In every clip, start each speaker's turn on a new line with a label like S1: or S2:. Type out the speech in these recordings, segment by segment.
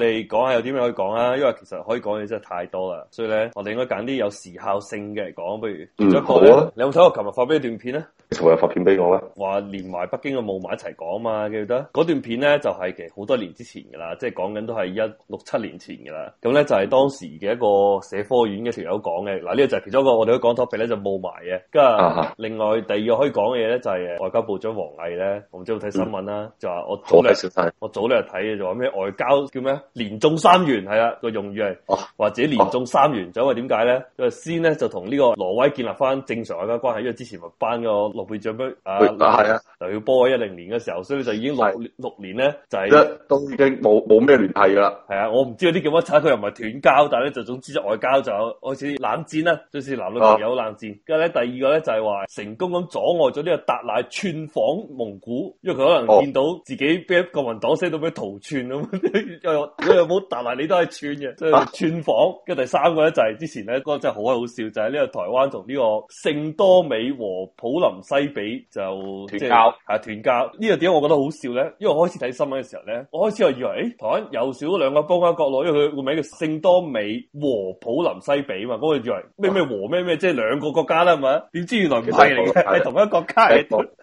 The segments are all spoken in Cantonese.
S1: 你哋講下有啲咩可以講啊？因為其實可以講嘅嘢真係太多啦，所以咧我哋應該揀啲有時效性嘅嚟講，不如、嗯啊、你有冇睇我琴日發俾你一段片咧？琴日發片俾我啦，話連埋北京嘅霧霾一齊講嘛，記得嗰段片咧就係其實好多年之前噶啦，即係講緊都係一六七年前噶啦，咁咧就係當時嘅一個社科院嘅條友講嘅嗱，呢、這個就係其中一個我哋都講 topic 咧就霧霾嘅，跟住、啊、哈另外第二個可以講嘅嘢咧就係外交部長王毅咧，我唔知有冇睇新聞啦，就話我早兩日我早兩日睇嘅，就話咩外交叫咩？連中三元係啦，個用語係，或者連中三元，啊、呢先呢就因為點解咧？因為先咧就同呢個挪威建立翻正常外交關係，因為之前咪頒個諾貝爾獎杯的啊，係啊的，又要波喺一零年嘅時候，所以就已經六的六年咧就係、是、都已
S2: 經冇冇咩聯
S1: 繫啦。係啊，我唔知有啲叫乜柒，佢又唔係斷交，但係咧就總之就外交就開始冷戰啦，即是男女朋友冷戰。跟住咧第二個咧就係、是、話成功咁阻礙咗呢個達賴串訪蒙古，因為佢可能見到自己俾國民黨 s 到咩逃竄咁，又 有。你 有冇搭埋，你都係串嘅，即係串房。跟住第三個咧就係之前咧，嗰個真係好好笑，就係、是、呢個台灣同呢個聖多美和普林西比就斷交，係、就是啊、斷交。呢、這個點解我覺得好笑咧？因為我開始睇新聞嘅時候咧，我開始又以為，誒、哎，台灣又少咗兩個邦交國咯，因為佢個名叫聖多美和普林西比嘛，咁、那、我、個、以為咩咩和咩咩，即係兩個國家啦，係咪啊？點知原來唔係嚟係同一個國家。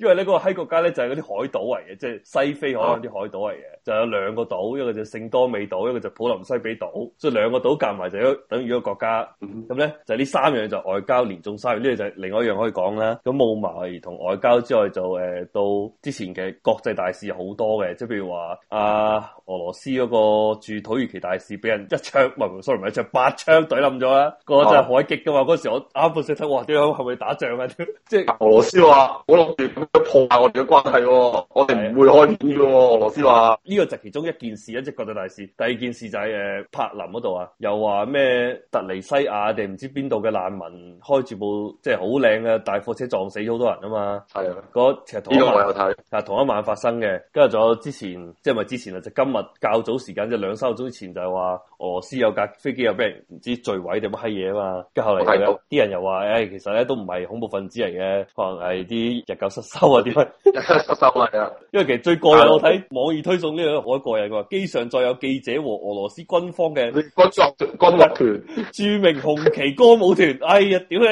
S1: 因為呢嗰個喺國家咧就係嗰啲海島嚟嘅，即係西非可能啲海島嚟嘅，就有兩個島，一個就聖多美島，一個就普林西比島，即係兩個島夾埋就等於一個國家。咁咧就呢三樣就外交連中三，呢樣就另外一樣可以講啦。咁霧霾同外交之外就，就、eh, 誒到之前嘅國際大事好多嘅，即係譬如話阿、啊、俄羅斯嗰個駐土耳其大使俾人一槍，唔係唔係一槍，八槍懟冧咗啦，嗰、那個係海極噶嘛。嗰時我啱啱識得，哇點樣係咪打仗啊？即係俄羅斯話 咁破壞我哋嘅關係，哦，的我哋唔會開戰嘅，哦。的俄羅斯話：呢個就其中一件事一隻國得大事。第二件事就係誒柏林嗰度啊，又話咩特尼西亞定唔知邊度嘅難民開住部即係好靚嘅大貨車撞死咗好多人啊嘛。係啊的，其赤同呢個我有睇，係同一晚發生嘅。跟住仲有之前，即係咪之前啊？就是、今日較早時間即係兩三個鐘前就係、是、話俄羅斯有架飛機又俾人唔知墜毀定乜閪嘢啊嘛。跟住後嚟咧，啲的人又話誒、哎，其實咧都唔係恐怖分子嚟嘅，可能係啲日狗。實收啊！點解？實收係啊！因為其實最過癮，我睇 網易推送呢、這、樣、個，我過癮嘅話，機上再有記者和俄羅斯軍方嘅軍樂團，著名紅旗歌舞團。哎呀，屌你！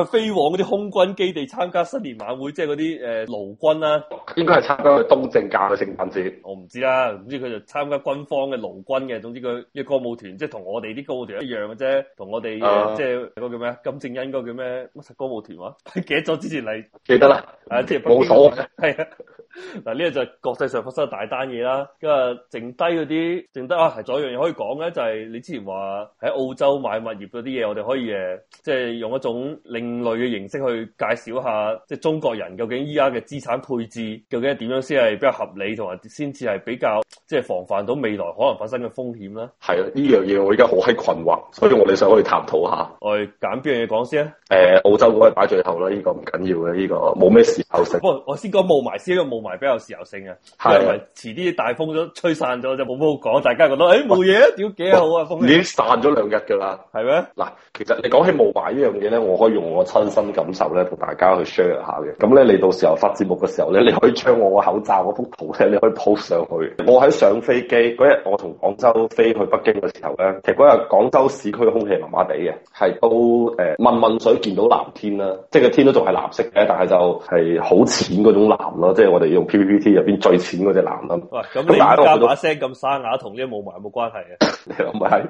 S1: 佢飛往嗰啲空軍基地參加新年晚會，即係嗰啲誒勞軍啦、啊。應該係參加去東正教嘅聖誕節。我唔知啦、啊，唔知佢就參加軍方嘅勞軍嘅。總之佢一歌舞團，即係同我哋啲歌舞團一樣嘅啫。同我哋即係嗰個叫咩金正恩嗰個叫咩乜柒歌舞團話、啊？記，記得咗、啊、之前嚟記得啦。冇錯，係啊。 嗱，呢個就係國際上發生大單嘢啦，咁啊剩低嗰啲，剩低啊，仲有一樣嘢可以講咧，就係、是、你之前話喺澳洲買物業嗰啲嘢，我哋可以誒，即、就、係、是、用一種另類嘅形式去介紹下，即、就、係、是、中國人究竟依家嘅資產配置究竟係點樣先係比較合理，同埋先至係比較即係防範到未來可能發生嘅風險咧。
S2: 係啊，呢樣嘢我而家好喺困惑，所以我哋想可以探討下。
S1: 我哋揀邊樣嘢講先
S2: 啊？誒、呃，澳洲嗰個擺最後啦，呢、這個唔緊要嘅，呢、
S1: 這個冇咩時候食。不過 我先講霧霾先霧霧，因為霧。埋比較時效性嘅，係咪的遲啲大風都吹散咗 就冇乜好講？大家覺得誒冇嘢啊，屌、欸、幾好啊！風你已經
S2: 散咗兩日㗎啦，係咩嗎？嗱，其實你講起霧霾呢樣嘢咧，我可以用我親身感受咧同大家去 share 下嘅。咁咧，你到時候發節目嘅時候咧，你可以將我個口罩嗰幅圖咧，你可以 post 上去。我喺上飛機嗰日，我從廣州飛去北京嘅時候咧，其實嗰日廣州市區嘅空氣麻麻地嘅，係都誒濛濛水見到藍天啦，即係個天都仲係藍色嘅，但係就係好淺嗰種藍咯，即係我哋。用 PPT 入邊最淺嗰隻男啊，喂，
S1: 咁你家把聲咁沙啞，同啲霧霾有冇關係
S2: 啊？你諗下係，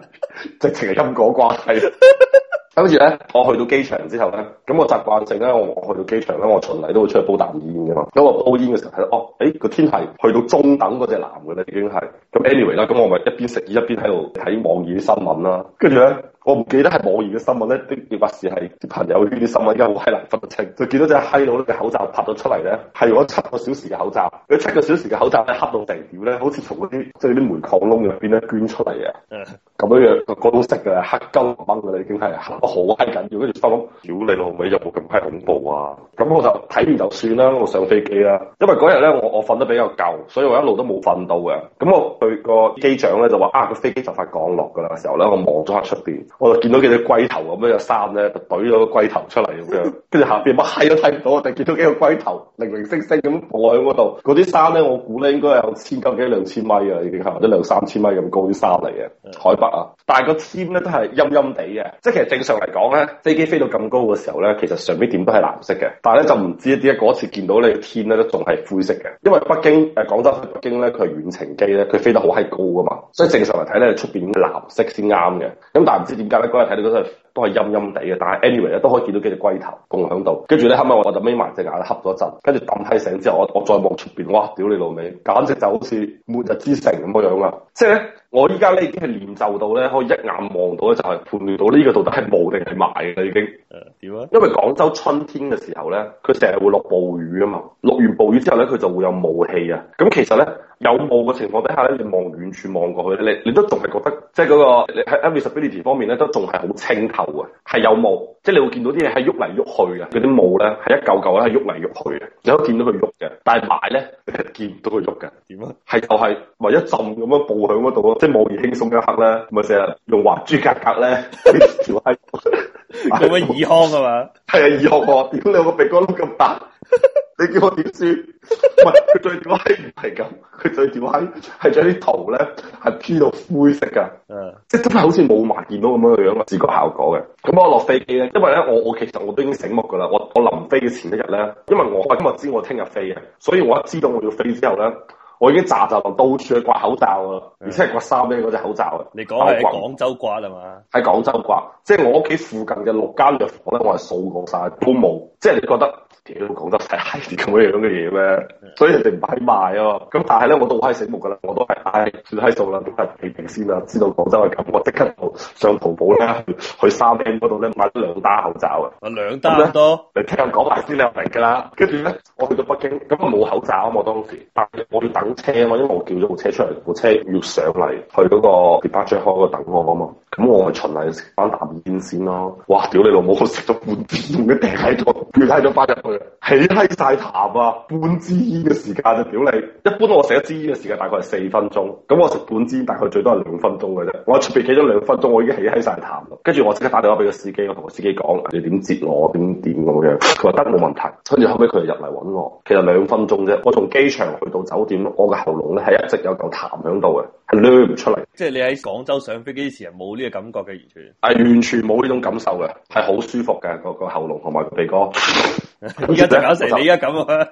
S2: 直情係因果關係。跟住咧， 我去到機場之後咧，咁我習慣性咧，我去到機場咧，我循例都會出去煲啖煙嘅嘛。咁我煲煙嘅時候睇到，哦，誒、哎、個天係去到中等嗰隻藍嘅啦，已經係。咁 anyway 啦，咁我咪一邊食煙一邊喺度睇網易啲新聞啦。跟住咧。我唔記得係冇言嘅新聞咧，啲事話事係啲朋友圈啲新聞，而家好閪難分得清。就見到隻閪佬嘅口罩拍咗出嚟咧，係用咗七個小時嘅口罩，佢七個小時嘅口罩咧黑到地表咧，好似從嗰啲即係啲門框窿入邊咧捐出嚟啊！咁樣樣個個都識㗎黑膠掹㗎啦，已經係黑得好閪緊要。跟住心諗：屌、哎、你老味，有冇咁閪恐怖啊？咁我就睇完就算啦，我上飛機啦。因為嗰日咧，我我瞓得比較夠，所以我一路都冇瞓到嘅。咁我對個機長咧就話：啊，個飛機就快降落㗎啦！時候咧，我望咗下出邊，我就見到幾隻龜頭咁樣嘅山咧，就懟咗個龜頭出嚟咁樣，跟住下邊乜閪都睇唔到，我哋見到幾個龜頭零零星星咁坐喺嗰度。嗰啲山咧，我估咧應該有千幾兩千米啊，已經係或者兩三千米咁高啲山嚟嘅海拔啊。但係個天咧都係陰陰地嘅，即係其實正常嚟講咧，飛機飛到咁高嘅時候咧，其實上邊點都係藍色嘅。但係咧就唔知點解嗰次見到呢個天咧都仲係灰色嘅，因為北京誒、呃、廣州去北京咧，佢係遠程機咧，佢飛得好閪高噶嘛，所以正常嚟睇咧出邊係藍色先啱嘅。咁但係唔知點。點解咧？嗰日睇到嗰都係都係陰陰哋嘅，但係 anyway 咧都可以見到幾隻龜頭共喺度。跟住咧，後尾我就眯埋隻眼，瞌咗一陣。跟住抌起醒之後，我我再望出邊，哇！屌你老味，簡直就好似末日之城咁樣樣啦。即係咧。我依家咧已經係練就到咧，可以一眼望到咧，就係判斷到呢個到底係霧定係霾嘅已經。誒點啊？因為廣州春天嘅時候咧，佢成日會落暴雨啊嘛。落完暴雨之後咧，佢就會有霧氣啊。咁其實咧，有霧嘅情況底下咧，你望遠處望過去咧，你你都仲係覺得即係嗰個你喺 visibility 方面咧，都仲係好清透啊。係有霧，即係你會見到啲嘢係喐嚟喐去嘅。嗰啲霧咧係一嚿嚿係喐嚟喐去嘅，你可以見到佢喐嘅。但係霾咧，你見唔到佢喐嘅。點啊？係就係咪一浸咁樣步響嗰度咯？冇而輕鬆一刻咧，咪成日用還珠格格咧調 high，有乜耳康啊嘛？係 啊，耳康喎！點你個鼻哥窿咁大？你叫我點算？唔係佢最調 high 唔係咁，佢最調 high 係將啲圖咧係 P 到灰色噶、uh.，嗯，即係真係好似霧霾見到咁樣嘅樣啊，視覺效果嘅。咁我落飛機咧，因為咧我我其實我都已經醒目噶啦，我我臨飛嘅前一日咧，因為我今日知我聽日飛嘅，所以我一知道我要飛之後咧。我已經咋咋到處去掛口罩啊，的而且係掛三咧嗰隻口罩啊。你講係廣
S1: 州掛係咪？
S2: 喺廣州掛，即係我屋企附近嘅六間藥房咧，我係掃過曬都冇。即係你覺得？屌，都講得晒，使啲咁樣嘅嘢咩？所以人哋唔喺賣啊。咁但係咧，我都係醒目噶啦，我都係閪算喺數啦，都係皮皮先啦、啊。知道廣州嘅感覺，即刻就上淘寶咧， 去 3M 嗰度咧買咗兩打口罩啊。買
S1: 兩打多？
S2: 你聽我講埋先，你又明噶啦。跟住咧，我去到北京，咁冇口罩啊！我當時，我要等車啊嘛，因為我叫咗部車出嚟，部 車要上嚟去嗰個 departure hall 嗰度等我啊嘛。咁我咪循例食翻啖煙先咯！哇，屌你老母，我食咗半支，唔知掟喺度，跌喺咗翻入去，起喺晒痰啊！半支煙嘅時間啫，屌你。一般我食一支煙嘅時間大概係四分鐘，咁我食半支大概最多係兩分鐘嘅啫。我出邊企咗兩分鐘，我已經起喺晒痰啦。跟住我即刻打電話俾個司機，我同個司機講你點接我，點點咁樣。佢話得冇問題。跟住後尾佢就入嚟揾我。其實兩分鐘啫，我從機場去到酒店，我嘅喉嚨咧係一直有嚿痰喺度嘅。唸唔出嚟，
S1: 即係你喺廣州上飛機時係冇呢個感覺嘅，完全
S2: 係完全冇呢種感受嘅，係好舒服嘅，個個喉嚨同埋個鼻哥。而 家
S1: 就搞成
S2: 你依家咁啊，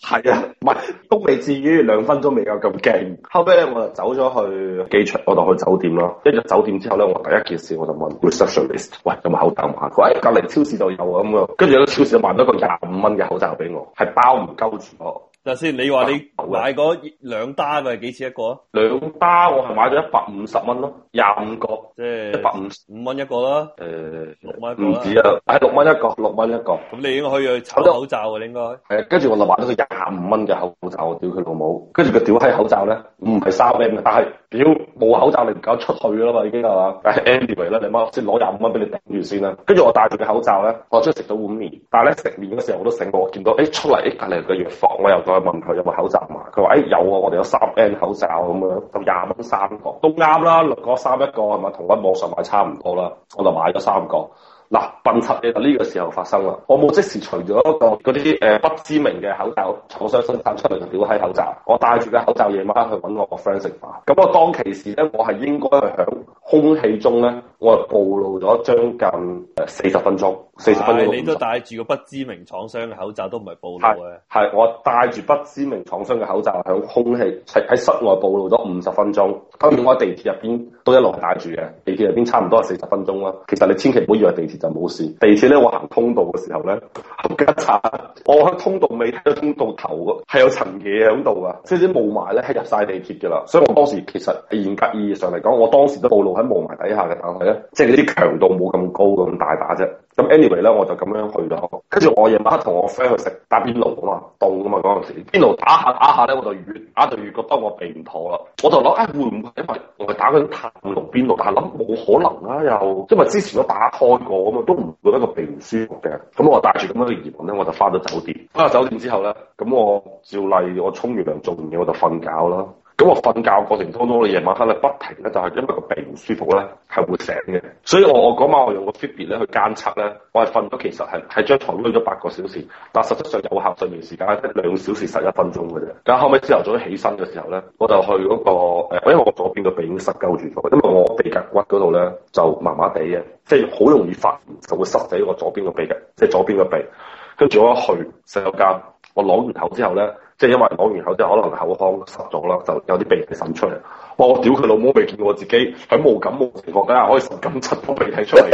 S2: 係啊，唔係都未至於兩分鐘未夠咁驚。後尾咧我就走咗去機場，我就去酒店咯。跟住酒店之後咧，我第一件事我就問 receptionist：，、er、喂，咁冇口罩賣？佢、哎、喺隔籬超市度有咁樣。跟住咧，超市就賣咗個廿五蚊嘅口罩俾我，係包唔夠住我。
S1: 先，你話你買嗰兩打嘅幾錢一個啊？兩打我係買咗一百五十蚊咯，廿五個即係一百五五蚊一個啦。誒，
S2: 六蚊唔止啊，係六蚊一個，六蚊一個。咁、
S1: 呃、你應該可以去炒口罩啊，你應該。
S2: 係啊、嗯，跟住我就買咗個廿五蚊嘅口罩，我屌佢老母。跟住佢屌閪口罩咧，唔係三 M，但係屌冇口罩你唔夠出去啦嘛，已經係嘛、anyway？但係 anyway 啦，你媽先攞廿五蚊俾你頂住先啦。跟住我戴住個口罩咧，我即係食到碗麵，但係咧食麵嗰時候我都醒過，我見到誒、哎、出嚟誒、哎、隔離個藥房我又問佢有冇口罩嘛？佢話：哎，有啊，我哋有三 N 口罩咁樣，都廿蚊三個，都啱啦。六個三一個係咪？同喺網上買差唔多啦。我就買咗三個。嗱，笨柒嘢就呢個時候發生啦。我冇即時除咗個嗰啲誒不知名嘅口罩，坐上生產出嚟就屌閪口罩，我戴住個口罩夜晚去揾我個 friend 食飯。咁我當其時咧，我係應該係喺空氣中咧，我暴露咗將近誒四十分鐘。係你都
S1: 戴住個不知名廠商嘅口罩，都唔係
S2: 暴露嘅。係我戴住不知名廠商嘅口罩，喺空氣喺室外暴露咗五十分鐘。當然我喺地鐵入邊都一路係戴住嘅。地鐵入邊差唔多係四十分鐘啦。其實你千祈唔好以為地鐵就冇事。地鐵咧，我行通道嘅時候咧，我喺通道尾睇到通道頭嘅係有層嘢喺度啊。即係啲霧霾咧係入晒地鐵㗎啦。所以我當時其實嚴格意義上嚟講，我當時都暴露喺霧霾底下嘅，但係咧，即係啲強度冇咁高咁大把啫。咁，Anyway。嚟啦， 我就咁樣去咗，跟住我夜晚黑同我 friend 去食打邊爐啊嘛，凍啊嘛嗰陣時，邊爐打下打下咧，我就越打就越覺得我鼻唔妥啦，我就諗啊會唔會因為我係打嗰啲炭爐邊爐，但係諗冇可能啦、啊、又，因為之前都打開過啊嘛，都唔覺得個鼻唔舒服嘅，咁我帶住咁樣嘅疑問咧，我就翻到酒店，翻到、嗯、酒店之後咧，咁 我照例我沖完涼做完嘢我就瞓覺啦。咁我瞓覺過程當中，我夜晚黑咧不停咧，就係因為個鼻唔舒服咧，係會醒嘅。所以我我嗰晚我用個 Fitbit 咧去監測咧，我係瞓咗其實係喺張床瞓咗八個小時，但實質上有效睡眠時間得兩小時十一分鐘嘅啫。但後尾朝頭早起身嘅時候咧，我就去嗰個誒，因為我左邊個鼻已經塞鳩住咗，因為我鼻甲骨嗰度咧就麻麻地嘅，即係好容易發炎，就會塞死我左邊個鼻嘅，即係左邊個鼻。跟住我一去洗手間，我攞完頭之後咧，即係因為講完口之後，即係可能口腔濕咗啦，就有啲鼻涕滲出嚟。哇！我屌佢老母，未見過自己喺冇感冒情況底下，今、啊、日可以滲緊出咗鼻涕出嚟。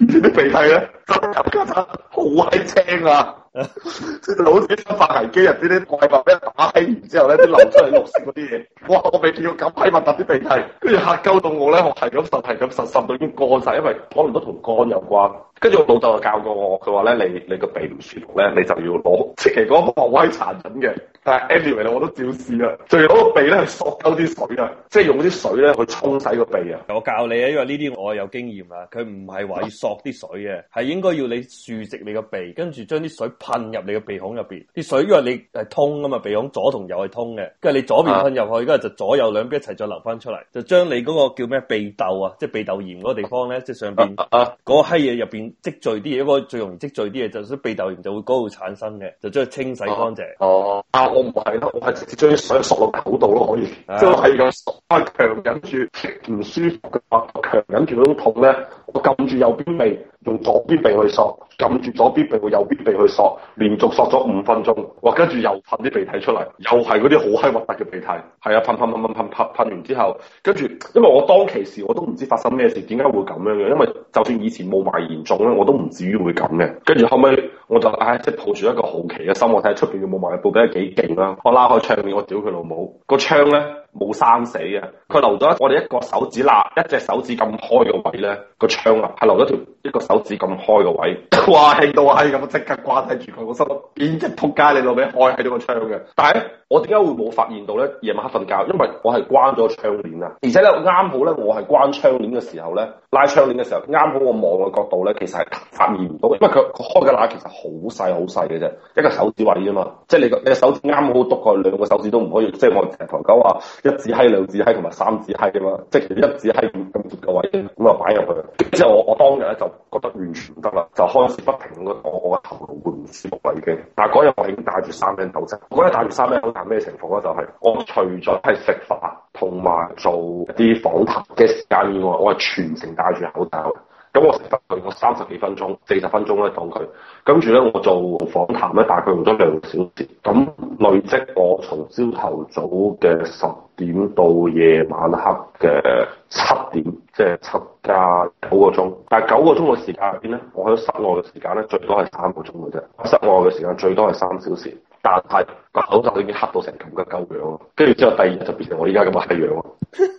S2: 啲 鼻涕呢，咧，真係好閪青啊！老死發危機入邊啲怪物俾人打起，然之後咧都流出嚟綠色嗰啲嘢，哇！我未見過咁批物突啲鼻涕，跟住吓鳩到我咧，我係咁實係咁實，甚到已經乾晒，因為可能都同肝有關。跟住我老豆就教過我，佢話咧你你個鼻唔舒服咧，你就要攞即前嗰個博威產忍嘅。
S1: 但係 anyway，我都照試啦。
S2: 最好個鼻咧係索夠啲水啊，即係用啲水咧去沖洗個鼻啊。
S1: 我教你啊，因為呢啲我有經驗啊，佢唔係話要索啲水嘅，係應該要你豎直你個鼻，跟住將啲水。噴入你嘅鼻孔入邊，啲水因為你係通啊嘛，鼻孔左同右係通嘅，跟住你左邊噴入去，跟住就左右兩邊一齊再流翻出嚟，就將你嗰個叫咩鼻竇啊，即係鼻竇炎嗰個地方咧，啊、即係上邊嗰閪嘢入邊積聚啲嘢，嗰個最容易積聚啲嘢就所以鼻竇炎就會高度產生嘅，就將佢清洗乾淨。哦、啊，啊我唔係咯，我係直
S2: 接將啲水索落口度咯，可以。
S1: 即係咁
S2: 索強忍住唔舒服嘅話，強忍住嗰種痛咧。我撳住右邊鼻，用左邊鼻去索；撳住左邊鼻，用右邊鼻去索，連續索咗五分鐘。我跟住又噴啲鼻涕出嚟，又係嗰啲好閪核突嘅鼻涕。係啊，噴噴噴噴噴！噴噴，噴，噴完之後，跟住因為我當其時我都唔知發生咩事，點解會咁樣嘅？因為就算以前霧霾嚴重咧，我都唔至於會咁嘅。跟住後尾，我就唉、哎，即係抱住一個好奇嘅心，我睇下出邊嘅霧霾嘅報俾得幾勁啦。我拉開窗面，我屌佢老母，那個窗咧～冇生死嘅，佢留咗我哋一個手指罅，一隻手指咁開嘅位咧，個窗啊，係留咗條一個手指咁開嘅位，哇閪到閪咁，即、哎、刻掛低住佢，我心諗邊隻撲街你老味開喺到個窗嘅？但係。我點解會冇發現到咧？夜晚黑瞓覺，因為我係關咗窗簾啊，而且咧啱好咧，我係關窗簾嘅時候咧，拉窗簾嘅時候，啱好我望嘅角度咧，其實係發現唔到嘅，因為佢佢開嘅罅其實好細好細嘅啫，一個手指位吖嘛，即係你個你嘅手指啱好篤過兩個手指都唔可以，即係我成頭狗話一指閪、兩指閪同埋三指閪咁嘛，即係一指閪咁咁嘅位咁啊擺入去。之後我我當日咧就覺得完全唔得啦，就開始不停咁，我我個頭腦會唔舒服啦已經。但係嗰日我已經戴住三 M 口罩，嗰日戴住三 M。咩情況咧？就係、是、我除咗係食飯同埋做啲訪談嘅時間以外，我係全程戴住口罩嘅。咁我食翻佢個三十幾分鐘、四十分鐘咧當佢，跟住咧我做訪談咧大概用咗兩小時。咁累積我從朝頭早嘅十點到夜晚黑嘅七點，即係七加九個鐘。但係九個鐘嘅時，時間入邊咧，我喺室外嘅時間咧最多係三個鐘嘅啫。室外嘅時間最多係三小時。但係個口罩已經黑到成咁嘅狗樣，樣，跟住之後第二日就變成我依家咁嘅樣，樣，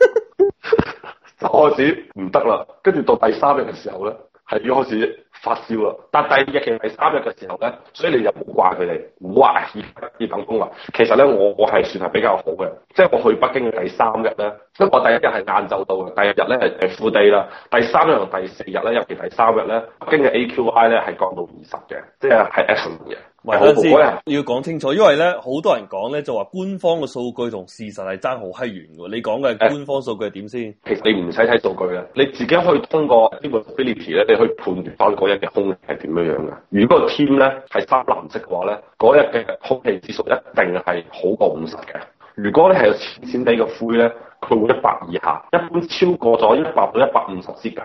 S2: 就開始唔得啦。跟住到第三日嘅時候咧，係要開始發燒啦。但第二日、其實第三日嘅時候咧，所以你就唔好怪佢哋。哇！而家等公啦。其實咧，我我係算係比較好嘅，即係我去北京嘅第三日咧，因為我第一日係晏晝到嘅，第二日咧係副地啦，第三日同第四日咧，尤其第三日咧，北京嘅
S1: AQI 咧係降到二十嘅，
S2: 即係係 Excellent 嘅。唔係，等先，
S1: 要講清楚，因為咧好多人講咧就話官方嘅數據同事實係爭好閪遠嘅，你講嘅官方數據係點先？其實你唔使睇數據嘅，你自己可以通過
S2: 呢個 visibility 咧，你可以判斷翻嗰日嘅空氣係點樣樣嘅。如果 team 咧係深藍色嘅話咧，嗰日嘅空氣指數一定係好過五十嘅。如果你係淺淺啲嘅灰咧。佢會一百以下，一般超過咗一百到一百五十之間，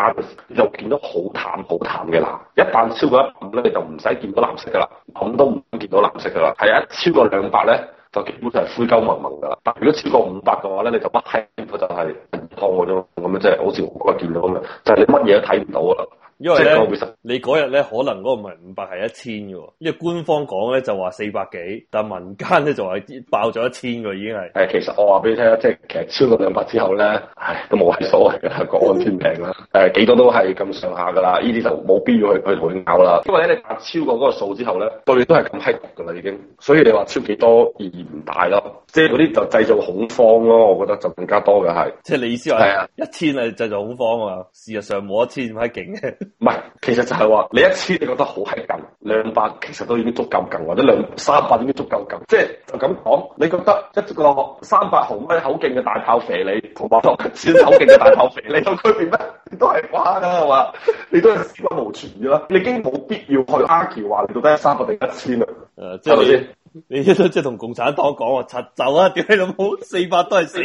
S2: 你就見到好淡好淡嘅啦。一旦超過一百五咧，你就唔使見到藍色噶啦，咁都唔見到藍色噶啦。係啊，超過兩百咧，就基本上係灰鳩濛濛嘅啦。但如果超過五百嘅話咧，你就不閪佢就係光嗰種咁樣，即係好似我難見到咁樣，就係、是、你乜嘢都睇
S1: 唔到噶啦。因為咧，你嗰日咧可能嗰個唔係五百係一千嘅，因為官方講咧就話四百幾，但民間咧就話爆咗一千嘅已經係。誒，其實我話俾你聽
S2: 啦，即係其實超過兩百之後咧，唉，都冇乜所謂嘅，各安天命啦。誒， 幾多都係咁上下噶啦，呢啲就冇必要去去同你拗啦。因為咧，你超過嗰個數之後咧，對你都係咁閪焗噶啦已經。所以你話超幾多意義唔大咯。即係嗰啲就製造恐慌咯，我覺得就更加多嘅係。
S1: 即係你意思話係啊？一千係製造恐慌啊？事實上冇一千咁閪勁嘅。唔係，其實就係、是、話你一千你覺得好係勁，兩百其實都已經足夠
S2: 勁，或者兩三百已經足夠勁。即係就咁講，你覺得一個三百毫米口徑嘅大炮肥你，同我講，算好勁嘅大炮肥你有 區別咩？都係瓜噶係嘛？
S1: 你都係無存嘅啦，你已經冇必要去 argue 話你到底係三百定一千啦。誒、啊，係咪你,你即係同共產黨講啊，拆走啊！屌你老母，四百都係死。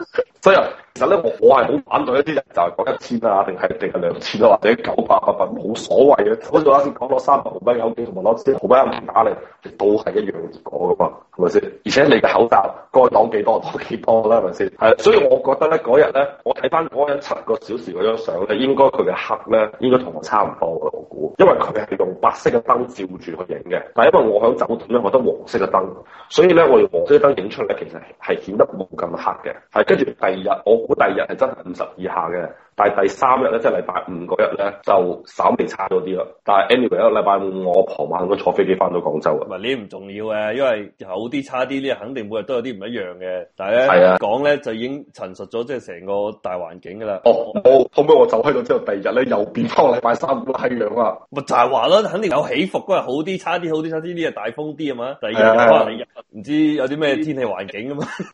S2: 所以其實咧，我我係好反對一啲人就係講一千啊，定係定係兩千啊，或者九百八百冇所謂嘅。好似我啱先講咗三百毫蚊嘅口罩同埋攞一千毫蚊打面罩都係一樣嘅結果噶嘛，係咪先？而且你嘅口罩該擋幾多擋幾多啦，係咪先？係，所以我覺得咧，嗰日咧，我睇翻嗰日七個小時嗰張相咧，應該佢嘅黑咧應該同我差唔多嘅，我估。因為佢係用白色嘅燈照住去影嘅，但係因為我喺酒店咧，我得黃色嘅燈，所以咧我用黃色嘅燈影出嚟，其實係顯得冇咁黑嘅，係跟住。第二日我估第二日係真係五十以下嘅，但係第三日咧，即係禮拜五嗰日咧，就稍微差咗啲咯。但係 anyway，一個禮拜五我傍晚都坐飛機翻到廣州
S1: 啊。唔係呢唔重要嘅、啊，因為有啲差啲呢，肯定每日都有啲唔一樣嘅。但係咧講咧，就已經陳述咗即係成個大環境噶啦。哦，
S2: 好，後尾我走開咗之後，第二日咧又變，今個禮拜三唔一樣啊，
S1: 咪就係話咯，肯定有起伏，嗰日好啲，差啲好啲，差啲啲係大風啲啊嘛。第二日可能第二日唔知有啲咩天氣環境啊嘛。